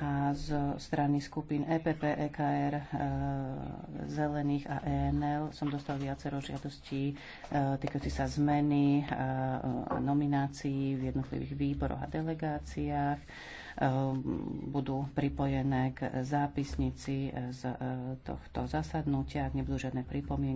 a zo strany skupín EPP, EKR, e, Zelených a ENL som dostal viacero žiadostí e, týkajúci sa zmeny e, a, nominácií v jednotlivých výboroch a delegáciách. budú pripojené k zápisnici z tohto zasadnutia, ak nebudú žiadne pripomienky.